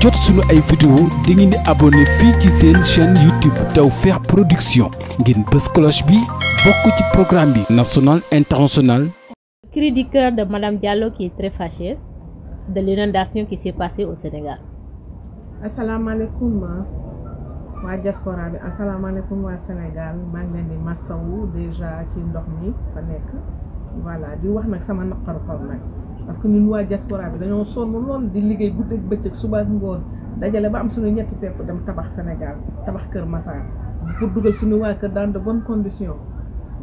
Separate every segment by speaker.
Speaker 1: jot suñu ay vidéo da ngeen di fii ci seen chaîne YouTube Tawfekh Production ngeen bës cloche bi bokk ci programme bi national international
Speaker 2: cri du de Madame Diallo qui est très de l'inondation qui s'est passée au Sénégal asalaamaaleykum waa diaspora bi déjà ci ndox mi fa nekk voilà di wax nag sama naqaru xol nag parce que ñun waa diaspora bi dañoo sonn lool di liggéey guddi ak bëccëg suba ak ngoon dajale ba am suñu ñetti pepp dem tabax Sénégal tabax Kër Massar pour dugal suñu waa kër dans de bonnes condition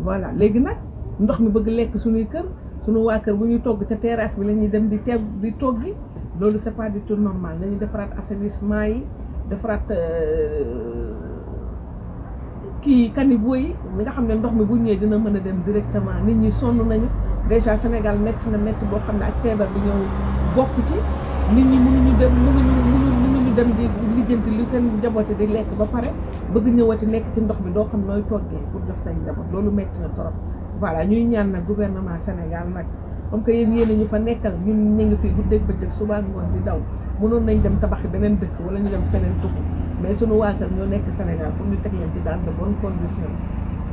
Speaker 2: voilà léegi nag ndox mi bëgg lekk suñuy kër suñu waa kër bu ñuy togg ca terrasse bi la ñuy dem di teew di toggi loolu c'est pas du tout normal nañu defaraat assainissement yi defaraat. Euh, kii caniveau yi nga xam ne ndox mi bu ñëwee dina mën a dem directement nit ñi sonn nañu déjà Sénégal métti na métti boo xam ne ak feebar bi ñëw bokk ci nit ñi mënuñu dem mënuñu dem di lijjanti li seen njabooti di lekk ba pare bëgg ñëwati nekk ci ndox mi doo xam nooy toggee pour jox seen njaboot loolu métti na trop voilà ñuy ñaan nag gouvernement Sénégal nag comme que yéen yéen ñu fa nekkal ñun ñu ngi fi guddeeg bëccëg suba ngoon di daw mënoon nañ dem tabax yi beneen dëkk wala ñu dem feneen tukku mais suñu waakal ñoo nekk Sénégal pour ñu teg leen ci daan de bonnes conditions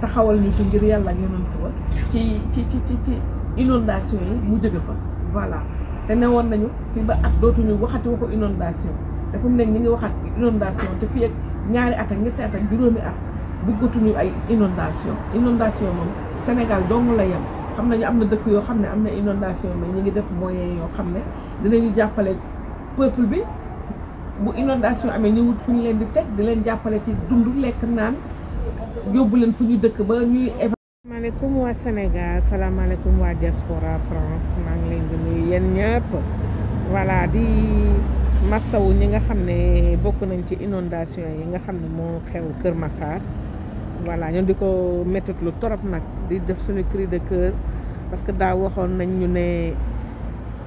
Speaker 2: taxawal ñu ci ngir yàlla yonent ba ci ci ci ci ci inondation yi mu jóge fa voilà te ne woon nañu fi ba at dootuñu waxati waxu inondation te fu mu nekk ñu ngi waxat inondation te fii ak ñaari at ak ñetti at ak juróomi at bëggatuñu ay inondation inondation Sénégal doomu la yem xam nañu am na dëkk yoo xam ne am na inondation mais ñu ngi def moyen yoo xam ne ñu jàppale peuple bi bu inondation amee ñu wut fu ñu leen di teg di leen jàppale ci dundu lekk naan yóbbu leen fu ñu dëkk ba ñuy salaamaaleykum waa Sénégal salaamaaleykum waa diaspora France maa ngi leen di nuyu yéen ñëpp voilà di massawu ñi nga xam ne bokk nañ ci inondation yi nga xam ne moo xew Kër Massar voilà ñun di ko méttit lu torop nag di def suñu cri de cœur parce que daaw waxoon nañ ñu ne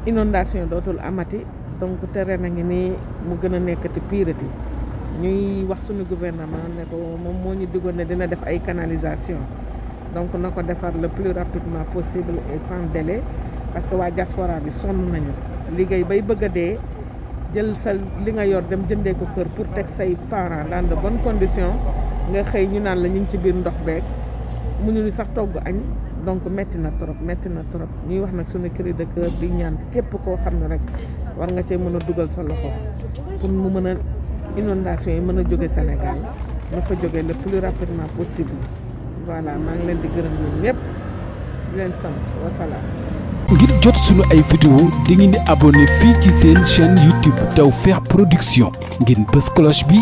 Speaker 2: inondation dootul amati donc tere na ngi nii mu gën a nekkati piirati ñuy wax suñu gouvernement ne ko moom moo ñu digoon ne dina def ay canalisation donc na ko defar le plus rapidement possible et sans délai parce que waa diaspora bi sonn nañu liggéey bay bëgg a dee jël sa li nga yor dem jëndee ko kër pour teg say parents dans de bonnes conditions nga xëy ñu naan la ñu ngi ci biir ndox beeg mu sax togg añ donc metti na trop metti na trop ñuy wax nag suñu cri de cœur di ñaan képp koo xam na rek war nga cee mën a dugal sa loxo pour mu mën a inondation yi mën a jóge Sénégal na fa jóge le plus rapidement possible voilà maa ngi leen di gërëm ñun ñëpp di leen sant wasalaam.
Speaker 1: ngir jot suñu ay vidéo di ngeen di abonné fii ci seen chaîne YouTube Tawfekh Production ngeen bës cloche bi.